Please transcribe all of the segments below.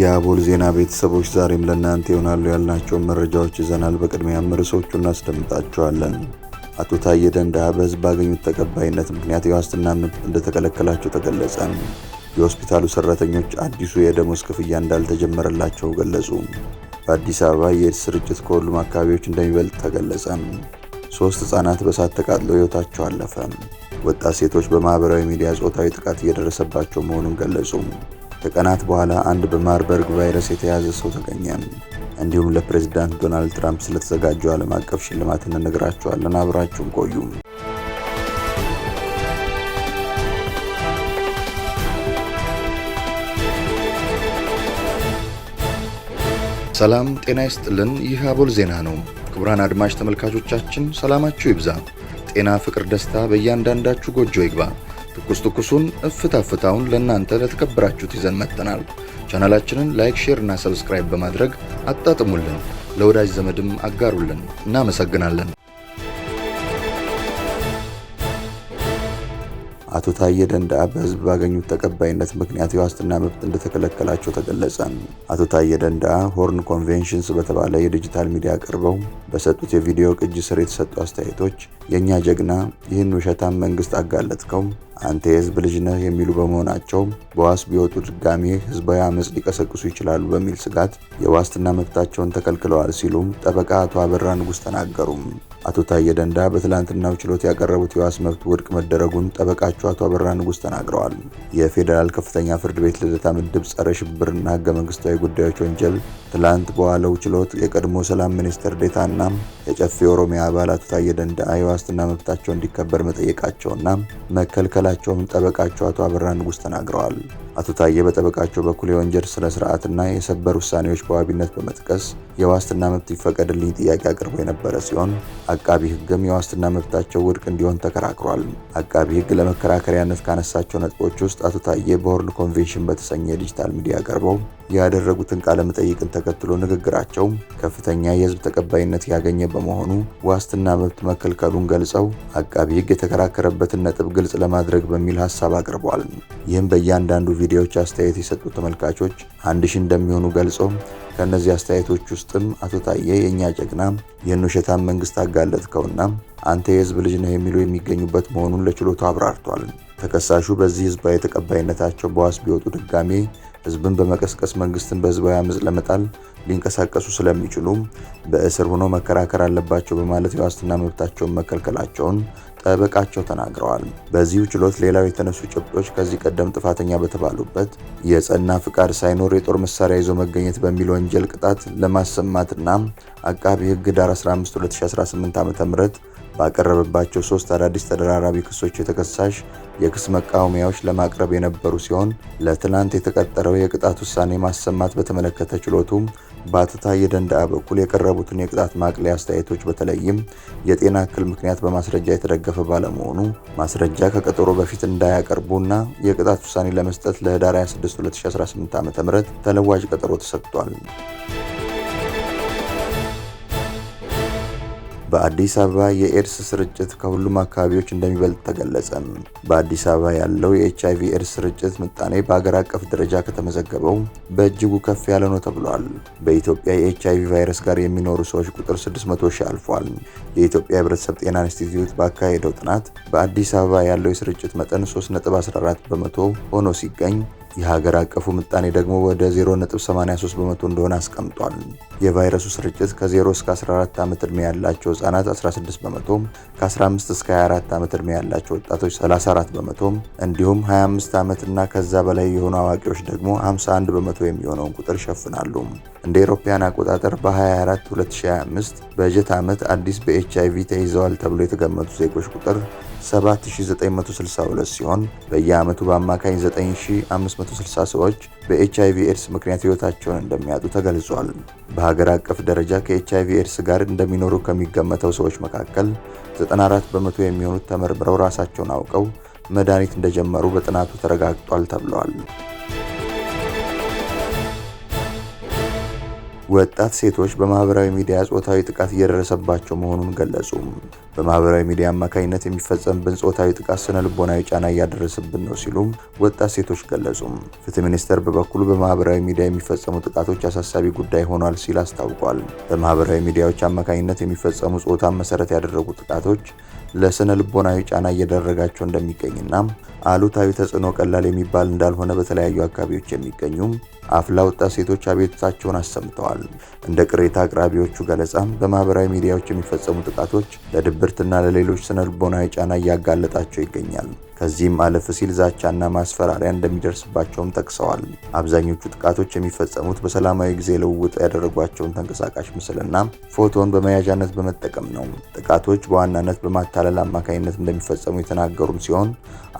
የአቦል ዜና ቤተሰቦች ዛሬም ለእናንተ ይሆናሉ ያልናቸውን መረጃዎች ይዘናል። በቅድሚያም ርዕሶቹ እናስደምጣቸዋለን። አቶ ታዬ ደንደአ በህዝብ ባገኙት ተቀባይነት ምክንያት የዋስትና መብት እንደተከለከላቸው ተገለጸ። የሆስፒታሉ ሰራተኞች አዲሱ የደሞዝ ክፍያ እንዳልተጀመረላቸው ገለጹ። በአዲስ አበባ የኤድስ ስርጭት ከሁሉም አካባቢዎች እንደሚበልጥ ተገለጸ። ሶስት ህጻናት በእሳት ተቃጥለው ህይወታቸው አለፈ። ወጣት ሴቶች በማህበራዊ ሚዲያ ጾታዊ ጥቃት እየደረሰባቸው መሆኑን ገለጹ። ከቀናት በኋላ አንድ በማርበርግ ቫይረስ የተያዘ ሰው ተገኘ። እንዲሁም ለፕሬዝዳንት ዶናልድ ትራምፕ ስለተዘጋጀው ዓለም አቀፍ ሽልማት እንነግራችኋለን። አብራችሁን ቆዩ። ሰላም ጤና ይስጥልን። ይህ አቦል ዜና ነው። ክቡራን አድማጭ ተመልካቾቻችን ሰላማችሁ ይብዛ፣ ጤና፣ ፍቅር፣ ደስታ በእያንዳንዳችሁ ጎጆ ይግባ። ትኩስ ትኩሱን እፍታ ፍታውን ለእናንተ ለተከበራችሁት ይዘን መጥተናል። ቻናላችንን ላይክ፣ ሼር እና ሰብስክራይብ በማድረግ አጣጥሙልን፣ ለወዳጅ ዘመድም አጋሩልን። እናመሰግናለን። አቶ ታዬ ደንዳ በህዝብ ባገኙት ተቀባይነት ምክንያት የዋስትና መብት እንደተከለከላቸው ተገለጸ። አቶ ታዬ ደንዳ ሆርን ኮንቬንሽንስ በተባለ የዲጂታል ሚዲያ ቀርበው በሰጡት የቪዲዮ ቅጅ ስር የተሰጡ አስተያየቶች የእኛ ጀግና ይህን ውሸታም መንግስት አጋለጥከው አንተ የህዝብ ልጅ ነህ የሚሉ በመሆናቸው በዋስ ቢወጡ ድጋሜ ህዝባዊ አመፅ ሊቀሰቅሱ ይችላሉ በሚል ስጋት የዋስትና መብታቸውን ተከልክለዋል ሲሉም ጠበቃ አቶ አበራ ንጉስ ተናገሩም። አቶ ታዬ ደንዳ በትላንትናው ችሎት ያቀረቡት የዋስ መብት ውድቅ መደረጉን ጠበቃቸው አቶ አበራ ንጉስ ተናግረዋል። የፌዴራል ከፍተኛ ፍርድ ቤት ልደታ ምድብ ጸረ ሽብርና ህገ መንግስታዊ ጉዳዮች ወንጀል ትላንት በዋለው ችሎት የቀድሞ ሰላም ሚኒስትር ዴታና የጨፌ የኦሮሚያ አባላት ታዬ ደንደዓ የዋስትና መብታቸው እንዲከበር መጠየቃቸውና መከልከላቸውም ጠበቃቸው አቶ አበራ ንጉስ ተናግረዋል። አቶ ታዬ በጠበቃቸው በኩል የወንጀል ስነ ስርዓትና የሰበር ውሳኔዎች በዋቢነት በመጥቀስ የዋስትና መብት ይፈቀድልኝ ጥያቄ አቅርቦ የነበረ ሲሆን አቃቢ ህግም የዋስትና መብታቸው ውድቅ እንዲሆን ተከራክሯል። አቃቢ ህግ ለመከራከሪያነት ካነሳቸው ነጥቦች ውስጥ አቶ ታዬ በሆርን ኮንቬንሽን በተሰኘ የዲጂታል ሚዲያ ቀርበው ያደረጉትን ቃለ መጠይቅን ተከትሎ ንግግራቸው ከፍተኛ የህዝብ ተቀባይነት ያገኘ በመሆኑ ዋስትና መብት መከልከሉን ገልጸው አቃቢ ህግ የተከራከረበትን ነጥብ ግልጽ ለማድረግ በሚል ሀሳብ አቅርበዋል። ይህም በእያንዳንዱ ቪዲዮዎች አስተያየት የሰጡ ተመልካቾች አንድ ሺ እንደሚሆኑ ገልጾ ከእነዚህ አስተያየቶች ውስጥም አቶ ታዬ የእኛ ጀግና ይህን ውሸታም መንግስት አጋለጥከውና አንተ የህዝብ ልጅ ነህ የሚሉ የሚገኙበት መሆኑን ለችሎቱ አብራርቷል። ተከሳሹ በዚህ ህዝባዊ ተቀባይነታቸው በዋስ ቢወጡ ድጋሜ ህዝብን በመቀስቀስ መንግስትን በህዝባዊ አመፅ ለመጣል ሊንቀሳቀሱ ስለሚችሉ በእስር ሆኖ መከራከር አለባቸው በማለት የዋስትና መብታቸውን መከልከላቸውን ጠበቃቸው ተናግረዋል። በዚሁ ችሎት ሌላው የተነሱ ጭብጦች ከዚህ ቀደም ጥፋተኛ በተባሉበት የጸና ፍቃድ ሳይኖር የጦር መሳሪያ ይዞ መገኘት በሚል ወንጀል ቅጣት ለማሰማትና አቃቢ ሕግ ዳር 15 2018 ዓ ም ባቀረበባቸው ሶስት አዳዲስ ተደራራቢ ክሶች የተከሳሽ የክስ መቃወሚያዎች ለማቅረብ የነበሩ ሲሆን ለትናንት የተቀጠረው የቅጣት ውሳኔ ማሰማት በተመለከተ ችሎቱ በአቶ የደንዳ በኩል የቀረቡትን የቅጣት ማቅለያ አስተያየቶች በተለይም የጤና እክል ምክንያት በማስረጃ የተደገፈ ባለመሆኑ ማስረጃ ከቀጠሮ በፊት እንዳያቀርቡና የቅጣት ውሳኔ ለመስጠት ለህዳር 26 2018 ዓ.ም ተለዋጭ ቀጠሮ ተሰጥቷል። በአዲስ አበባ የኤድስ ስርጭት ከሁሉም አካባቢዎች እንደሚበልጥ ተገለጸ። በአዲስ አበባ ያለው የኤች አይቪ ኤድስ ስርጭት ምጣኔ በአገር አቀፍ ደረጃ ከተመዘገበው በእጅጉ ከፍ ያለ ነው ተብሏል። በኢትዮጵያ የኤች አይቪ ቫይረስ ጋር የሚኖሩ ሰዎች ቁጥር 600 ሺህ አልፏል። የኢትዮጵያ ህብረተሰብ ጤና ኢንስቲትዩት ባካሄደው ጥናት በአዲስ አበባ ያለው የስርጭት መጠን 3.14 በመቶ ሆኖ ሲገኝ የሀገር አቀፉ ምጣኔ ደግሞ ወደ 0.83 በመቶ እንደሆነ አስቀምጧል። የቫይረሱ ስርጭት ከ0 እስከ 14 ዓመት ዕድሜ ያላቸው ህጻናት 16 በመቶ፣ ከ15 እስከ 24 ዓመት ዕድሜ ያላቸው ወጣቶች 34 በመቶ እንዲሁም 25 ዓመት እና ከዛ በላይ የሆኑ አዋቂዎች ደግሞ 51 በመቶ የሚሆነውን ቁጥር ይሸፍናሉ። እንደ አውሮፓውያን አቆጣጠር በ24 2025 በጀት ዓመት አዲስ ቪ ተይዘዋል ተብሎ የተገመቱ ዜጎች ቁጥር 7962 ሲሆን በየዓመቱ በአማካኝ 9560 ሰዎች በኤችአይቪ ኤድስ ምክንያት ህይወታቸውን እንደሚያጡ ተገልጿል። በሀገር አቀፍ ደረጃ አይቪ ኤድስ ጋር እንደሚኖሩ ከሚገመተው ሰዎች መካከል 94 በመቶ የሚሆኑት ተመርምረው ራሳቸውን አውቀው መድኃኒት እንደጀመሩ በጥናቱ ተረጋግጧል ተብለዋል። ወጣት ሴቶች በማህበራዊ ሚዲያ ጾታዊ ጥቃት እየደረሰባቸው መሆኑን ገለጹ። በማህበራዊ ሚዲያ አማካኝነት የሚፈጸምብን ጾታዊ ጥቃት ስነ ልቦናዊ ጫና እያደረሰብን ነው ሲሉ ወጣት ሴቶች ገለጹ። ፍትህ ሚኒስቴር በበኩሉ በማህበራዊ ሚዲያ የሚፈጸሙ ጥቃቶች አሳሳቢ ጉዳይ ሆኗል ሲል አስታውቋል። በማህበራዊ ሚዲያዎች አማካኝነት የሚፈጸሙ ጾታን መሰረት ያደረጉ ጥቃቶች ለስነ ልቦናዊ ጫና እየደረጋቸው እንደሚገኝና አሉታዊ ተጽዕኖ ቀላል የሚባል እንዳልሆነ በተለያዩ አካባቢዎች የሚገኙ አፍላ ወጣት ሴቶች አቤቱታቸውን አሰምተዋል። እንደ ቅሬታ አቅራቢዎቹ ገለጻም በማህበራዊ ሚዲያዎች የሚፈጸሙ ጥቃቶች ለድብርትና ለሌሎች ልቦናዊ ጫና እያጋለጣቸው ይገኛል። ከዚህም አለፍ ሲል ዛቻና ማስፈራሪያ እንደሚደርስባቸውም ጠቅሰዋል። አብዛኞቹ ጥቃቶች የሚፈጸሙት በሰላማዊ ጊዜ ልውውጥ ያደረጓቸውን ተንቀሳቃሽ ምስልና ፎቶን በመያዣነት በመጠቀም ነው። ጥቃቶች በዋናነት በማታለል አማካኝነት እንደሚፈጸሙ የተናገሩም ሲሆን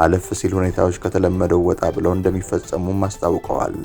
አለፍ ሲል ሁኔታዎች ከተለመደው ወጣ ብለው እንደሚፈጸሙም አስታውቀዋል።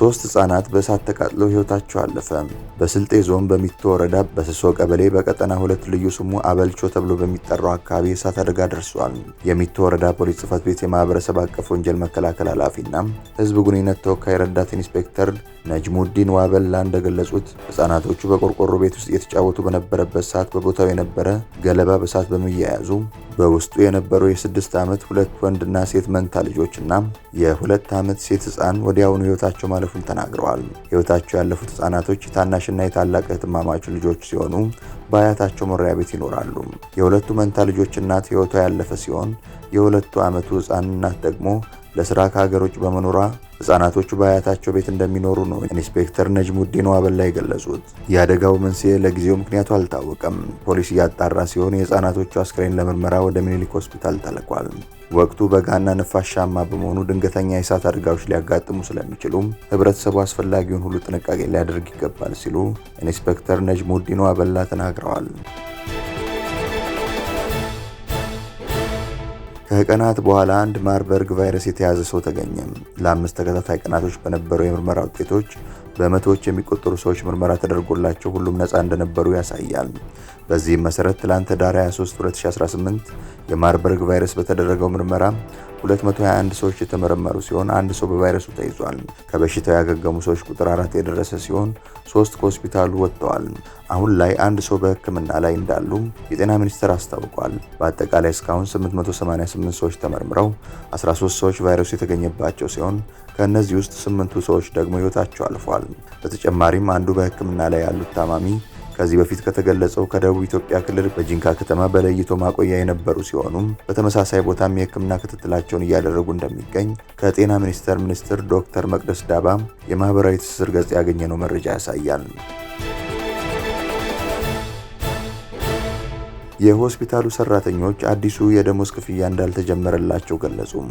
ሶስት ህጻናት በእሳት ተቃጥለው ህይወታቸው አለፈ። በስልጤ ዞን በሚቶ ወረዳ በስሶ ቀበሌ በቀጠና ሁለት ልዩ ስሙ አበልቾ ተብሎ በሚጠራው አካባቢ እሳት አደጋ ደርሷል። የሚቶ ወረዳ ፖሊስ ጽፈት ቤት የማህበረሰብ አቀፍ ወንጀል መከላከል ኃላፊና ህዝብ ግንኙነት ተወካይ ረዳት ኢንስፔክተር ነጅሙዲን ዋበላ እንደገለጹት ህጻናቶቹ በቆርቆሮ ቤት ውስጥ እየተጫወቱ በነበረበት ሰዓት በቦታው የነበረ ገለባ በሳት በመያያዙ በውስጡ የነበሩ የስድስት ዓመት ሁለት ወንድና ሴት መንታ ልጆችና የሁለት ዓመት ሴት ህፃን ወዲያውኑ ህይወታቸው ማለፉን ተናግረዋል። ህይወታቸው ያለፉት ህጻናቶች የታናሽና የታላቅ እህትማማች ልጆች ሲሆኑ በአያታቸው መኖሪያ ቤት ይኖራሉ። የሁለቱ መንታ ልጆች እናት ህይወቷ ያለፈ ሲሆን የሁለቱ ዓመቱ ህፃን እናት ደግሞ ለስራ ከሀገር ውጭ በመኖሯ ህጻናቶቹ በአያታቸው ቤት እንደሚኖሩ ነው ኢንስፔክተር ነጅሙዲን ዋበላ የገለጹት። የአደጋው መንስኤ ለጊዜው ምክንያቱ አልታወቀም። ፖሊስ እያጣራ ሲሆን የህጻናቶቹ አስክሬን ለምርመራ ወደ ሚኒሊክ ሆስፒታል ተልኳል። ወቅቱ በጋና ነፋሻማ በመሆኑ ድንገተኛ የእሳት አደጋዎች ሊያጋጥሙ ስለሚችሉም ህብረተሰቡ አስፈላጊውን ሁሉ ጥንቃቄ ሊያደርግ ይገባል ሲሉ ኢንስፔክተር ነጅሙዲን ዋበላ ተናግረዋል። ከቀናት በኋላ አንድ ማርበርግ ቫይረስ የተያዘ ሰው ተገኘ። ለአምስት ተከታታይ ቀናቶች በነበሩ የምርመራ ውጤቶች በመቶዎች የሚቆጠሩ ሰዎች ምርመራ ተደርጎላቸው ሁሉም ነፃ እንደነበሩ ያሳያል። በዚህም መሰረት ትላንት ዳር 23 2018 የማርበርግ ቫይረስ በተደረገው ምርመራ 221 ሰዎች የተመረመሩ ሲሆን አንድ ሰው በቫይረሱ ተይዟል። ከበሽታው ያገገሙ ሰዎች ቁጥር አራት የደረሰ ሲሆን ሶስት ከሆስፒታሉ ወጥተዋል። አሁን ላይ አንድ ሰው በሕክምና ላይ እንዳሉ የጤና ሚኒስቴር አስታውቋል። በአጠቃላይ እስካሁን 888 ሰዎች ተመርምረው 13 ሰዎች ቫይረሱ የተገኘባቸው ሲሆን ከእነዚህ ውስጥ ስምንቱ ሰዎች ደግሞ ሕይወታቸው አልፏል። በተጨማሪም አንዱ በሕክምና ላይ ያሉት ታማሚ ከዚህ በፊት ከተገለጸው ከደቡብ ኢትዮጵያ ክልል በጂንካ ከተማ በለይቶ ማቆያ የነበሩ ሲሆኑም በተመሳሳይ ቦታም የሕክምና ክትትላቸውን እያደረጉ እንደሚገኝ ከጤና ሚኒስቴር ሚኒስትር ዶክተር መቅደስ ዳባ የማህበራዊ ትስስር ገጽ ያገኘነው መረጃ ያሳያል። የሆስፒታሉ ሰራተኞች አዲሱ የደሞዝ ክፍያ እንዳልተጀመረላቸው ገለጹም።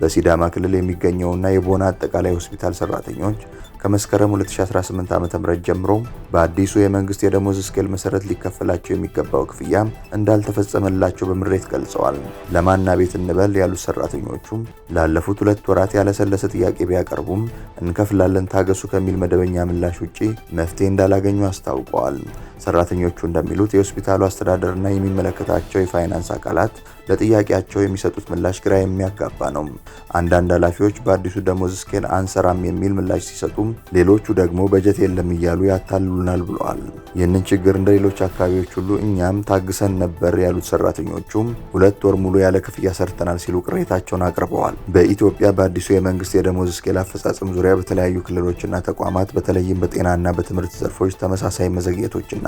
በሲዳማ ክልል የሚገኘውና የቦና አጠቃላይ ሆስፒታል ሰራተኞች ከመስከረም 2018 ዓ.ም ጀምሮ በአዲሱ የመንግስት የደሞዝ ስኬል መሰረት ሊከፈላቸው የሚገባው ክፍያ እንዳልተፈጸመላቸው በምሬት ገልጸዋል። ለማና ቤት እንበል ያሉት ሰራተኞቹም ላለፉት ሁለት ወራት ያለሰለሰ ጥያቄ ቢያቀርቡም እንከፍላለን ታገሱ ከሚል መደበኛ ምላሽ ውጪ መፍትሄ እንዳላገኙ አስታውቀዋል። ሰራተኞቹ እንደሚሉት የሆስፒታሉ አስተዳደርና የሚመለከታቸው የፋይናንስ አካላት ለጥያቄያቸው የሚሰጡት ምላሽ ግራ የሚያጋባ ነው። አንዳንድ ኃላፊዎች በአዲሱ ደሞዝ ስኬል አንሰራም የሚል ምላሽ ሲሰጡም ሌሎቹ ደግሞ በጀት የለም እያሉ ያታልሉናል ብለዋል። ይህንን ችግር እንደ ሌሎች አካባቢዎች ሁሉ እኛም ታግሰን ነበር ያሉት ሰራተኞቹም ሁለት ወር ሙሉ ያለ ክፍያ ሰርተናል ሲሉ ቅሬታቸውን አቅርበዋል። በኢትዮጵያ በአዲሱ የመንግስት የደሞዝ ስኬል አፈጻጸም ዙሪያ በተለያዩ ክልሎችና ተቋማት በተለይም በጤናና በትምህርት ዘርፎች ተመሳሳይ መዘግየቶችና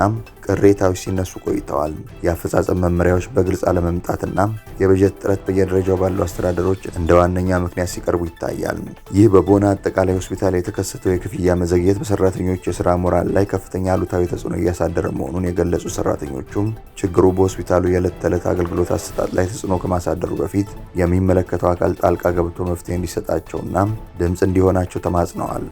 ቅሬታዎች ሲነሱ ቆይተዋል። የአፈጻጸም መመሪያዎች በግልጽ አለመምጣትና የበጀት ጥረት በየደረጃው ባሉ አስተዳደሮች እንደ ዋነኛ ምክንያት ሲቀርቡ ይታያል። ይህ በቦና አጠቃላይ ሆስፒታል የተከሰተው ክፍያ መዘግየት በሰራተኞች የስራ ሞራል ላይ ከፍተኛ አሉታዊ ተጽዕኖ እያሳደረ መሆኑን የገለጹ ሰራተኞቹም ችግሩ በሆስፒታሉ የዕለት ተዕለት አገልግሎት አሰጣጥ ላይ ተጽዕኖ ከማሳደሩ በፊት የሚመለከተው አካል ጣልቃ ገብቶ መፍትሄ እንዲሰጣቸውና ድምፅ እንዲሆናቸው ተማጽነዋል።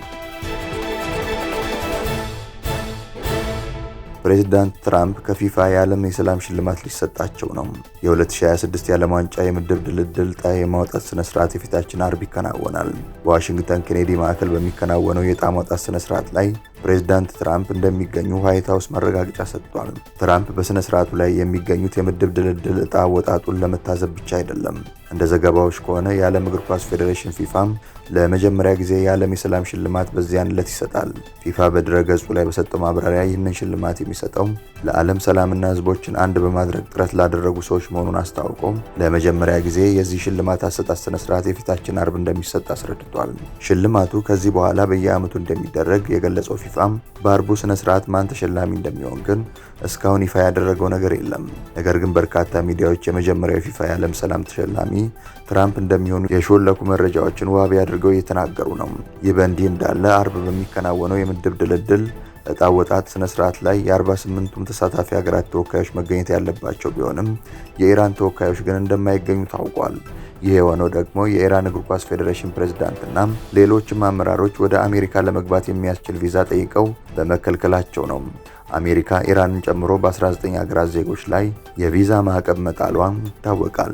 ፕሬዚዳንት ትራምፕ ከፊፋ የዓለም የሰላም ሽልማት ሊሰጣቸው ነው። የ2026 የዓለም ዋንጫ የምድብ ድልድል ጣይ የማውጣት ስነ ስርዓት የፊታችን አርብ ይከናወናል። በዋሽንግተን ኬኔዲ ማዕከል በሚከናወነው የዕጣ ማውጣት ስነ ስርዓት ላይ ፕሬዚዳንት ትራምፕ እንደሚገኙ ዋይት ሀውስ ማረጋገጫ ሰጥቷል። ትራምፕ በስነ ስርዓቱ ላይ የሚገኙት የምድብ ድልድል ዕጣ አወጣጡን ለመታዘብ ብቻ አይደለም እንደ ዘገባዎች ከሆነ የዓለም እግር ኳስ ፌዴሬሽን ፊፋም ለመጀመሪያ ጊዜ የዓለም የሰላም ሽልማት በዚያን ዕለት ይሰጣል። ፊፋ በድረ ገጹ ላይ በሰጠው ማብራሪያ ይህንን ሽልማት የሚሰጠው ለዓለም ሰላምና ህዝቦችን አንድ በማድረግ ጥረት ላደረጉ ሰዎች መሆኑን አስታውቆም ለመጀመሪያ ጊዜ የዚህ ሽልማት ስነ ስርዓት የፊታችን አርብ እንደሚሰጥ አስረድቷል። ሽልማቱ ከዚህ በኋላ በየዓመቱ እንደሚደረግ የገለጸው ፊፋም በአርቡ ስነስርዓት ማን ተሸላሚ እንደሚሆን ግን እስካሁን ይፋ ያደረገው ነገር የለም። ነገር ግን በርካታ ሚዲያዎች የመጀመሪያው ፊፋ የዓለም ሰላም ተሸላሚ ትራምፕ እንደሚሆኑ የሾለኩ መረጃዎችን ዋቢ አድርገው እየተናገሩ ነው። ይህ በእንዲህ እንዳለ አርብ በሚከናወነው የምድብ ድልድል እጣ ወጣት ስነ ስርዓት ላይ የ48ቱም ተሳታፊ ሀገራት ተወካዮች መገኘት ያለባቸው ቢሆንም የኢራን ተወካዮች ግን እንደማይገኙ ታውቋል። ይህ የሆነው ደግሞ የኢራን እግር ኳስ ፌዴሬሽን ፕሬዝዳንትና ሌሎችም አመራሮች ወደ አሜሪካ ለመግባት የሚያስችል ቪዛ ጠይቀው በመከልከላቸው ነው። አሜሪካ ኢራንን ጨምሮ በ19 ሀገራት ዜጎች ላይ የቪዛ ማዕቀብ መጣሏ ይታወቃል።